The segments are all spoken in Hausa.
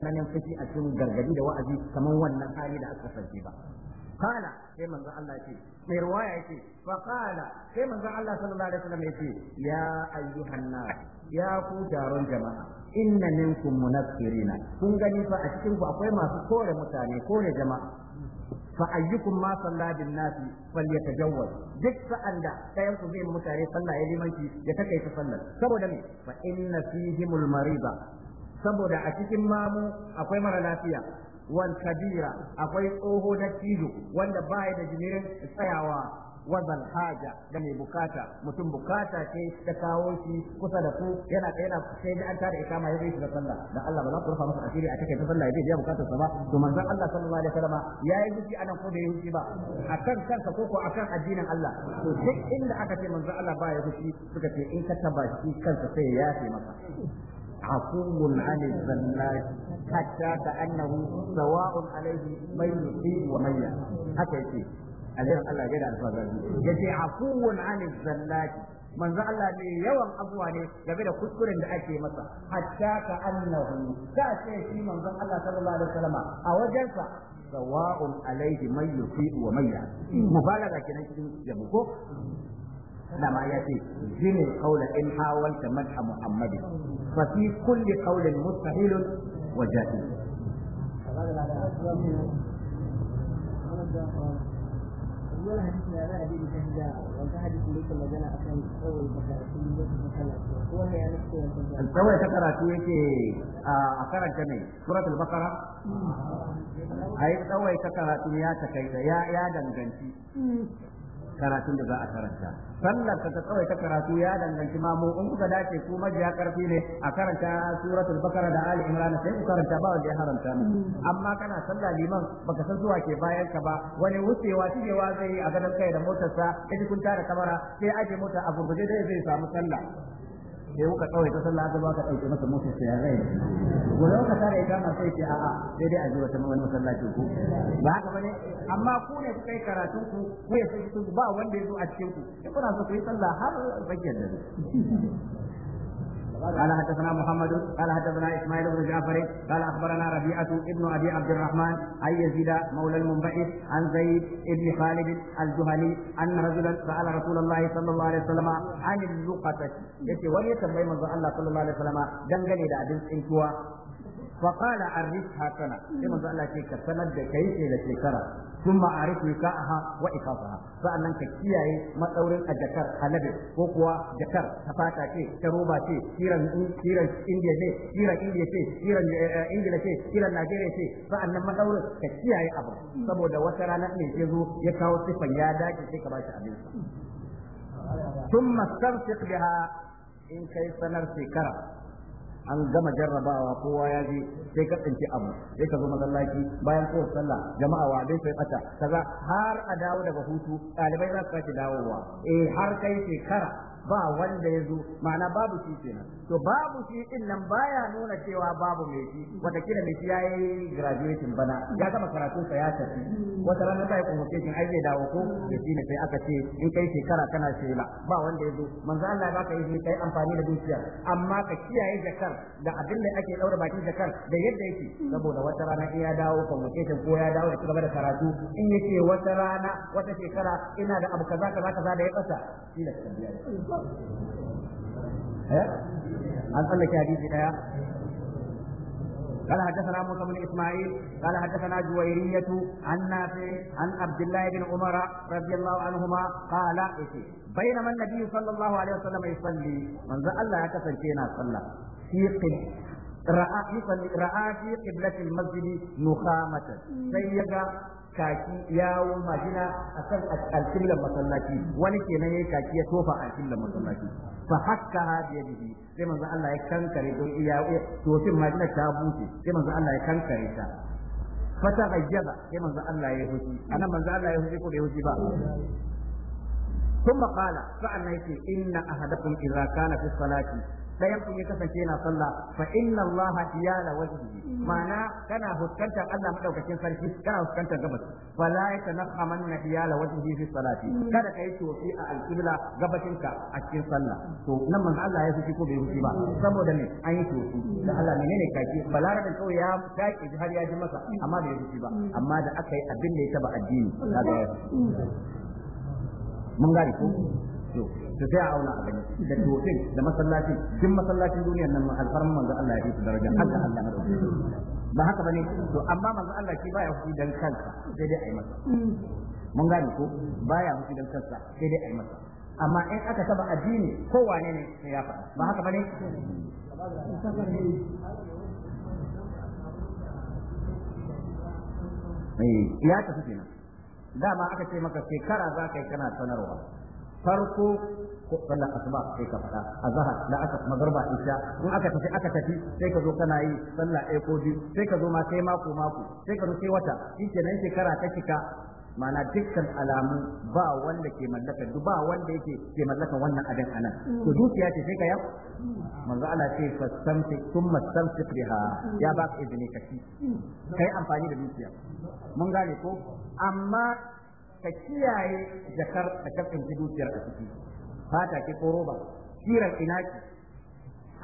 tsananin fushi a cikin gargadi da wa'azi kamar wannan hali da aka kasance ba kala sai manzo Allah ce mai riwaya yake fa kala sai manzo Allah sallallahu alaihi wasallam yake ya ayyuhan nas ya ku jama'a inna minkum munaffirina kun gani fa a cikin ku akwai masu kore mutane kore jama'a fa ayyukum ma salla bin nasi falyatazawwaj duk sa'an da kayan ku zai mutane sallah ya limanci ya takaita sallar saboda me fa inna fihimul mariba saboda a cikin mamu akwai mara lafiya wal kabira akwai tsoho na cizo wanda baya da jimirin tsayawa wazal haja da mai bukata mutum bukata ce ta kawo shi kusa da ku yana yana sai da an tada ma ya zai da sallah dan Allah ba za ku rufa masa asiri a take ta sallah ya biya sa ba to manzon Allah sallallahu alaihi wasallam ya yi anan ko da ya ba akan kansa ko ko akan addinin Allah to duk inda aka ce manzon Allah ba ya hukunci suka ce in ka taba shi kansa sai ya yafe maka عفو عن الذنات حتى كأنه سواء عليه من يصيب ومن يعصي حتى يصيب alherin Allah ya da alfazari ya ce afuwun anil zallati manzo Allah yawan abuwa ne game da kuskuren da ake masa hatta ka annahu ka ce shi manzo Allah sallallahu alaihi wasallam a wajensa sawa'un alaihi man yufi wa ko لما يأتي جن القول إن حاولت مدح محمد ففي كل قول مستحيل وجاهل ولا حديثنا لا أدري كهذا وكهذا كل كل جنا أكان أول مكان كل مكان ولا يعرف كل مكان. التوي سكرة كي أكان كني سورة البقرة أي التوي سكرة كي يا تكيد يا يا دنجنتي karatun da za a karanta sallar ta ta kawai ta karatu ya danganci mamu in kuka dace ku majiya karfi ne a karanta suratul bakara da ali imran sai ku karanta ba wanda ya haramta mu amma kana sallar liman baka san zuwa ke bayan ka ba wani wucewa wa zai yi a gadon kai da motarsa ya kun tara kamara sai aje mota a gurguje zai samu sallah sai kuka tsawai ta sallah ba ka ɗauke masa masu sai rai gobe kuka tare ya kama sai ce a'a sai dai a ji wata wani masallaci ku ba haka bane amma ku ne kuka yi karatun ku ku ya sai ba wanda ya zo a cikin ku kuna so ku yi sallah har bakin da قال حدثنا محمد قال حدثنا اسماعيل بن جعفر قال اخبرنا ربيعه ابن ابي عبد الرحمن ان يزيد مولى المنبعث عن زيد بن خالد الجهني ان رجلا سال رسول الله صلى الله عليه وسلم عن اللقطه يتي ولي تنبيه من الله صلى الله عليه وسلم دنگني da abin tsintuwa فقال عرفها سنه sai manzo Allah ce ka sanar da kai ce da shekara sun ma'arifu ka'aha wa ikafaha sa'annan ka kiyaye matsaurin a jakar halabe ko kuwa jakar ta fata ta roba ce kiran kiran indiya ce kiran indiya ce kiran eh, ingila ce kiran najeriya ce sa'annan ka kiyaye abu saboda wata rana ne ke zo ya kawo sifan ya dace sai ka ba shi abin ثم استمسك بها in kai sanar shekara an gama jarrabawa kowa ya je sai ka tsinci abu sai ka zo masallaci bayan kowar sallah jama'a wa dai sai bata kaza har a dawo daga hutu ɗalibai za su sake dawowa eh har kai shekara ba wanda ya zo ma'ana babu shi kenan to babu shi din nan baya nuna cewa babu mai shi watakila mai shi ya graduation bana ya gama karatun sa ya tafi wata rana ta convocation ai zai dawo ko da shi ne sai aka ce in kai shekara kana shela ba wanda ya zo manzo Allah ya baka izini kai amfani da dukiya amma ka kiyaye jakar da abin da ake daura baki jakar da yadda yake saboda wata rana in ya dawo convocation ko ya dawo ya ci gaba da karatu in yake wata rana wata shekara ina da abu kaza kaza kaza da ya kasa shi da eh an tsallake hadisi daya قال حدثنا موسى بن اسماعيل قال حدثنا جويرية عن نافع عن عبد الله بن عمر رضي الله عنهما قال بينما النبي صلى الله عليه وسلم يصلي من ذا الله كسر فينا صلى في رأى في رأى في قبلة المسجد نخامة سيجا kaki yawon majina a kan alkillan masallaci wani kenan yayi kaki ya tofa alkillan masallaci fa hakka ha biya bihi sai manzo Allah ya kankare don iya to sin majina ta buce sai manzo Allah ya kankare ta ta gajjaba sai manzo Allah ya huci anan manzo Allah ya huci ko bai huci ba ثم fa annaki inna ahadakum idza kana fi salati ɗayan kun ya kasance yana sallah fa inna Allah iyala wajhihi mm. ma'ana kana fuskantar Allah madaukakin sarki kana fuskantar gabas fala yatanaqamanna iyala wajhihi fi salati mm. kada kai tofi a alqibla ka a cikin sallah to nan manzo Allah ya fi ko bai fi ba mm. saboda me an yi tofi da Allah menene kake balarabin kawai ya kake har ya ji masa amma bai fi ba amma da aka yi abin da ya taba addini kaga mun gari. ko to to sai a auna a gani da tofin da masallacin duk masallacin duniyar nan alfarman manzo Allah ya yi su daraja har da Allah na ba haka bane to amma manzo Allah shi baya hukunci dan kansa sai dai ai masa mun gane ko baya hukunci dan kansa sai dai ai masa amma in aka taba addini ko wane ne sai ya faɗa ba haka bane eh, ya tafi kenan dama aka ce maka shekara za ka yi kana sanarwa farko ko sallar asuba sai ka fada azhar la aka magarba isha in aka tafi aka tafi sai ka zo kana yi sallah ɗaya ko bi sai ka zo ma sai mako mako sai ka zo sai wata shikenan shekara ta kika mana dukkan alamu ba wanda ke mallaka duk ba wanda yake ke mallaka wannan adan anan mm. to dukiya ce sai ka ya mm. manzo Allah ce fastamsi thumma stamsi biha mm. ya ba ka izini kashi kai amfani da dukiya mun gane ko amma ka kiyaye jakar da ka dukiyar a ciki fata ke ko roba kiran inaki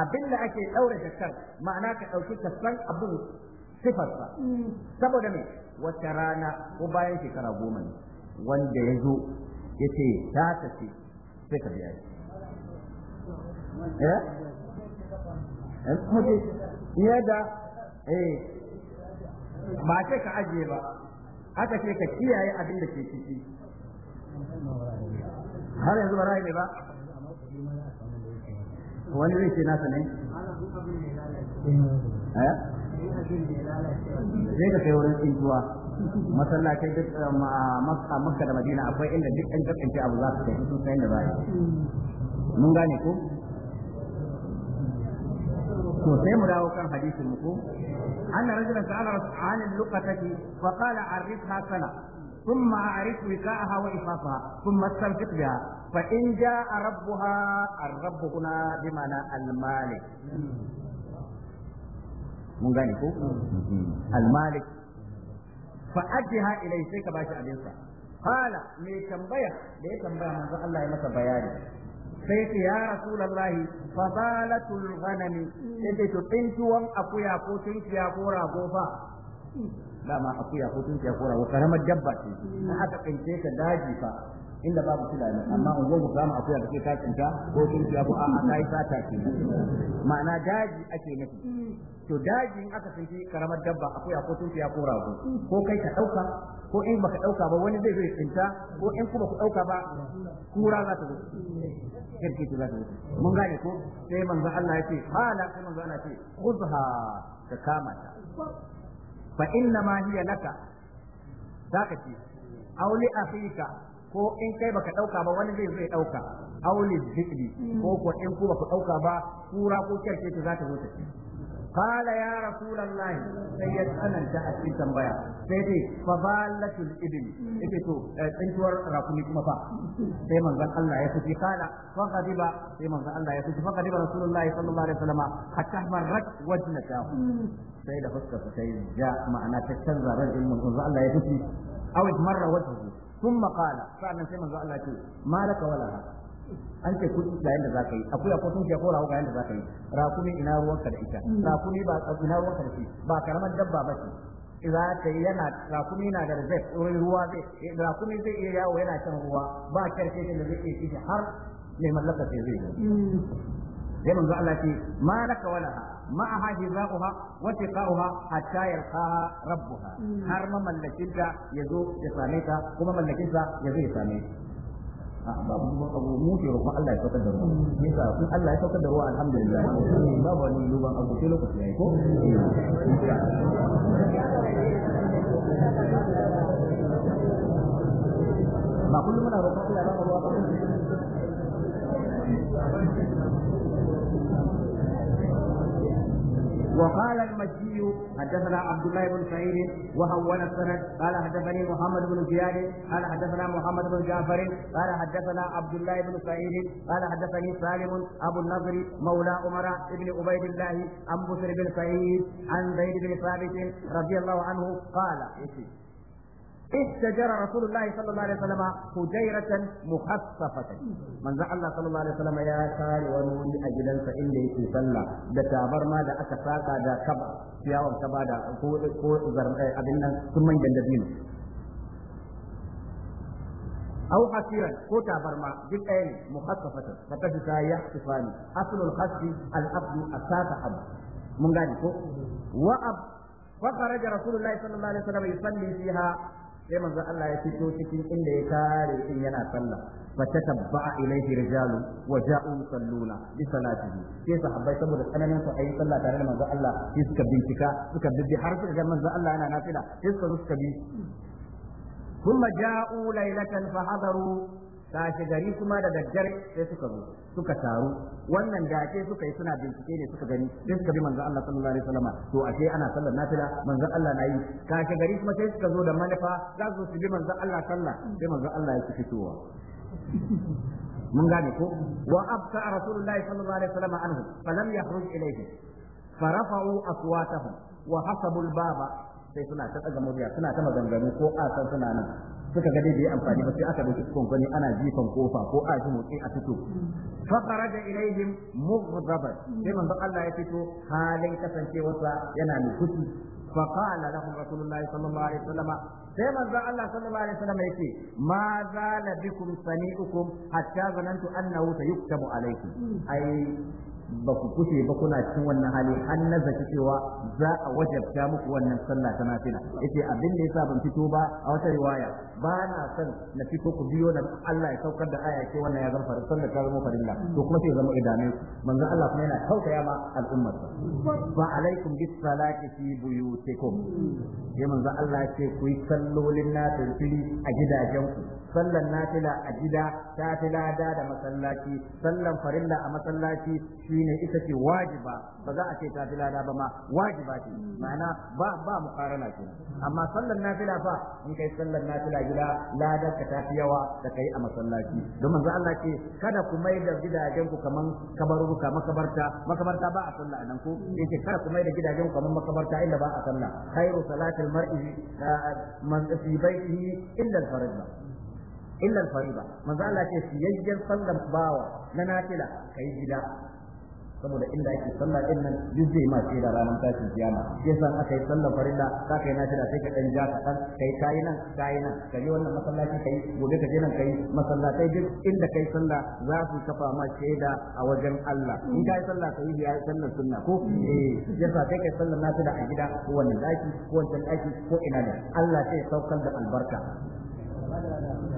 abin da ake daura jakar ma'ana ka dauki ka san abin ba saboda me wata rana ko bayan shekara goma ne wanda ya zo ya ce ta tafi sai ka biya shi eh? Eh? ya da eh ba ce ka ajiye ba aka ce ka kiyaye abin da ke ciki har yanzu ba ra'ayi ne ba wani zai ce nasa ne eh? zai ka sai wurin tsintuwa masallacin duk eh, a makka da madina akwai inda duk ɗan ce abu za su kai sun sayan da baya mun gane ko to sai mu dawo kan hadisin mu ko أن رجلا سأل عن اللقطة فقال عرفها سنة ثم أعرف وكاءها وإفافها ثم استمسك بها فإن جاء ربها الرب هنا بمعنى المالك mun gane ko al-malik fa ajiha ilai sai ka bashi abin sa qala me tambaya da ya tambaya manzo Allah ya masa bayani sai ce ya rasulullahi fadalatul ghanami yake to tsintuwan akuya ko tunkiya ko rago fa dama akuya ko tunkiya ko rago karamar dabba ce na aka kince ka daji fa inda babu fulani amma ungo ku samu akuya da ke ka ko kin ya ko a'a kai sata ke ma'ana daji ake nufi to daji in aka tsinci karamar dabba akuya ko tun ya ko rago ko kai ka dauka ko in baka dauka ba wani zai zo ya tsinta ko in kuma ku dauka ba kura za ta zo kirki za ta zo mun gane ko sai manzo Allah ya ce hala sai manzo Allah ya ce khudha ka kama ta fa inna ma hiya laka zaka ce auli afika ko in kai baka ɗauka ba wani zai zai ɗauka auli zikri ko ko in ku baka dauka ba kura ko kyarke ta zata zo ta ci qala ya rasulullahi sai ya tsananta a cikin tambaya sai dai fa balatul ibn ita to eh, in tuwar kuma fa sai manzon Allah ya fi qala fa qadiba sai manzon Allah ya fi fa qadiba rasulullahi sallallahu alaihi wasallam hatta marrat wajnata sai da fuska sai ja ma'ana ta canza ran ilmin manzon Allah ya fi aw marra wajhuhu thumma qala sa'annan sai manzo Allah ce malaka wala an ce kudi ga yanda zaka yi akuya ko tunkiya ko rawo ga yanda zaka yi rakumi ina ruwanka da ita hmm. ba ina ruwanka da shi ba karamar dabba ba ce za ta yana rakumi na da zai ruwa zai rakumi iya yawo yana shan ruwa ba karfe da zai iya kishi har mai mallaka sai zai yi hmm. sai manzo Allah ce ma laka wala ma'aha hiza'uha a tiqa'uha hatta yarqaha rabbuha har ma mallakin yazo ya same ta kuma ya same Allah ya saukar da ruwa Allah ya saukar da ruwa alhamdulillah babu wani abu sai lokaci ba kullum muna roƙon Allah ya ruwa ba وقال المكي حدثنا عبد الله بن سعيد وهون السند قال حدثني محمد بن زياد قال حدثنا محمد بن جعفر قال حدثنا عبد الله بن سعيد قال حدثني سالم ابو النضر مولى عمر بن عبيد الله عن بشر بن سعيد عن زيد بن ثابت رضي الله عنه قال احتجر رسول الله صلى الله عليه وسلم حجيرة مخصفة من ذا الله صلى الله عليه وسلم يا كاري ونوري أجلا فإني في سلة دتابر ما دا أكساكا دا كبا سياوم كبا دا كو أبنا ثم يجندبين أو حسيرا كوتا برما بالآن مخصفة فتجد يحتفان أصل الخصف الأبد أساك أب من ذلك وأب فخرج رسول الله صلى الله عليه وسلم يصلي فيها sai manzo Allah ya fito cikin inda ya kare in yana sallah fatakabba ilaihi rijalu wa ja'u salluna bi salatihi sai sahabbai saboda tsananin su ayi sallah tare da manzo Allah sai bincika suka bibbi har suka ga manzo Allah yana nafila sai suka bi ثم جاءوا ليلة فحضروا tashi gari kuma da daddare sai suka zo suka taru wannan da ake suka yi suna bincike ne suka gani sai suka bi manzon Allah sallallahu alaihi wasallam to ashe ana sallar nafila manzon Allah na yi tashi gari kuma sai suka zo da manufa za su bi manzon Allah sallah sai manzon Allah ya fitowa mun gane ko wa abta rasulullahi sallallahu alaihi wasallam anhu falam yakhruj ilayhi farafa'u aswatahum wa hasabu al-baba sai suna ta tsaga murya suna ta maganganu ko a san suna nan suka ga dai bai amfani ba sai aka dauki gwangwani ana jifan kofa ko a ji motsi a fito fa faraja ilaihim mughdaban sai manzo Allah ya fito halin kasancewarsa yana mai fushi fa qala lahum rasulullahi sallallahu alaihi wasallam sai manzo Allah sallallahu alaihi wasallam yake ma zala bikum sani'ukum hatta zanantu annahu sayuktabu alaikum ai ba ku kuce ba kuna cikin wannan hali an nazarci cewa za a wajabta muku wannan sallah ta nafila yace abin da yasa ban fito ba a wata riwaya ba na son na fito ku biyo da Allah ya saukar da aya ce wannan ya zama farin sallah ta zama farilla to kuma sai zama idame manzon Allah kuma yana tausaya ma al'ummar Wa alaikum bis salati fi buyutikum sai manzon Allah ya ce ku yi sallolin nafili a gidajen ku sallan nafila a gida ta fi lada da masallaci sallan farilla a masallaci shi ne ita ce wajiba ba za a ce ta fi lada ba ma wajiba ce ma'ana ba ba mukarana ce amma sallar nafila fa in kai sallar nafila gida ladar ka tafi yawa da kai a masallaci domin manzo Allah ce kada ku mai da gidajen ku kaman kabaruka makabarta makabarta ba a sallah anan ko yace kada ku mai da gidajen ku kaman makabarta inda ba a sallah khairu salatil mar'i ah, man fi baitihi illa al-fardha illa al-fariba manzo Allah ce siyayyen sallar bawa na nafila kai gida saboda inda ake sallah din nan duk zai ma ce da ranar tashin kiyama yasa aka yi sallar farilla ka kai na da sai ka dan ja ka san kai kayi nan kayi nan Ka yi wannan masallaci kai gobe ka je nan kai masallatai duk inda kai sallah za su kafa ma shaida a wajen Allah in ka yi sallah kai yi sallar sunna ko eh sa kai kai sallar nasu da a gida ko wannan daki ko wannan daki ko ina ne Allah sai saukar da albarka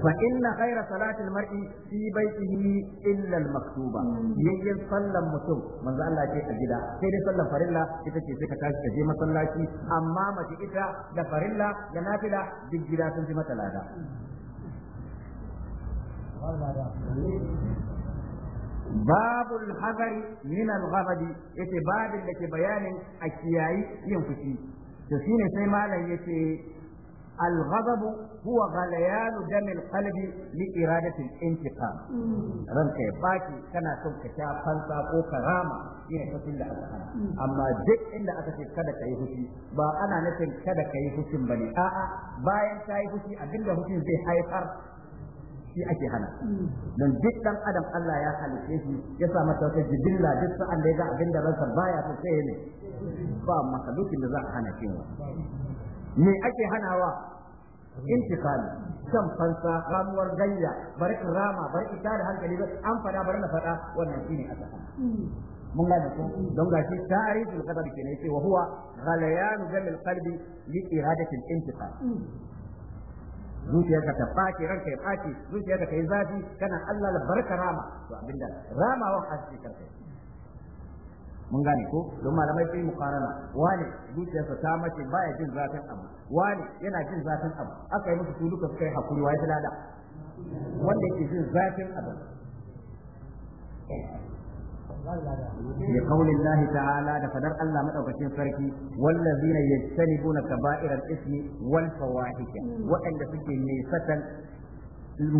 Ba in na haira salatin marɗi, si bai ɗumi illan maktuba, yiyen sallan mutum man za Allah ke a gida, sai dai sallan farin la ita ce sai ta je masallaci, amma mace ita da farilla da nafila duk gida sun ci masa laɗa. Babul hagari Nina Muhammad ya ce da ke bayanin a kiyayi iya mutu shi, to shine sai Malam ya الغضب هو غليان دم القلب لإرادة الانتقام رنك باكي كان سوف كشاف خلصة أو كرامة إن كتل أسحان أما جد إن أتشي كدا كيهوشي با أنا نسن كدا كيهوشي بني آآ آه باين كيهوشي أدن لهوشي زي حيفر shi ake hana don duk dan adam Allah ya halice shi ya sa masa wata jibilla duk sa'an da ya ga abin da ransa baya so sai ne ba makalukin da za a hana shi me ake hanawa intikali kan fansa ramuwar ganya bari in rama bari in tada hankali an fada bari na fada wannan shine aka mun gane ku don shi tarihin qadar ke ne wa huwa ghalayan jamil qalbi li iradati al zuciyarka ta ɓaci ranka ya ɓaci zuciyarka ta yi zafi kana Allah la barka rama to abinda ramawan arziki karkai mun gane ko don malamai sun yi mukarana wani zuciyarsa ta mace ba ya jin zafin abu wani yana jin zafin abu aka yi musu su duka suka yi hakuri wa ya fi lada wanda yake jin zafin abu Ya kaunin lahi ta'ala da fadar Allah maɗaukacin sarki wallazi na ya sani buna kaba'irar ismi wal fawahisha waɗanda suke nisatan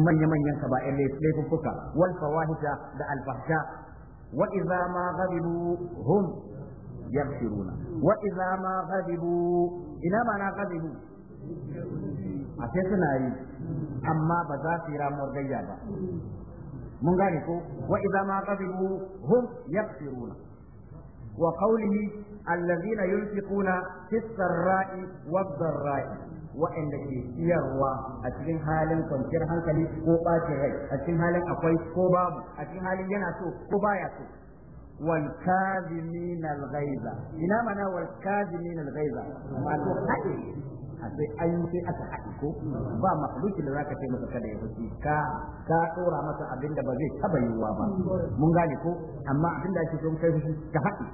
manya-manyan kaba'ir laifuffuka wal fawahisha da alfahisha وإذا ما غضبوا هم يغفرون وإذا ما غضبوا إلى ما غضبوا أتيتنا أي أما بذاتي رامور غيابا من وإذا ما غضبوا هم يغفرون وقوله الذين ينفقون في السراء والضراء waɗanda ke siyarwa a cikin halin kwanciyar hankali ko ɓacin rai a cikin halin akwai ko babu a cikin halin yana so ko baya so wal kazimin al ghaiza ina mana wal kazimin al ghaiza wato hadi a sai an yi sai aka haɗi ko ba makhluki da zaka ce masa kada ya fushi ka ka tsora masa abinda ba zai taba yiwuwa ba mun gane ko amma abinda da ake so kai fushi ka haɗi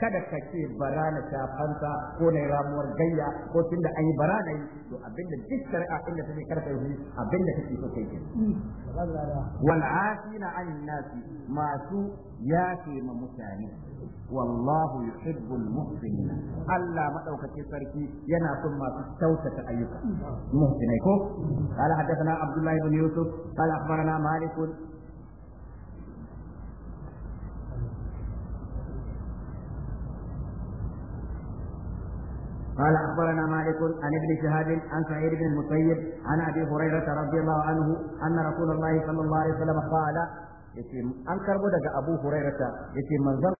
kada ka ce bara na shafanta ko na ramuwar gayya ko tunda an yi bara na yi to abin da duk shari'a inda take karfa yi abin da kake so kai hmm. wal asina an nasi masu يا تيم مساني والله يحب المحسنين ألا ما دوك تتركي ينا ثم توسة أيك محسنين قال حدثنا عبد الله بن يوسف قال أخبرنا مالك قال أخبرنا مالك عن ابن شهاب عن سعيد بن المسيب عن أبي هريرة رضي الله عنه أن رسول الله صلى الله عليه وسلم قال yace an karbo daga Abu Hurairata yace manzon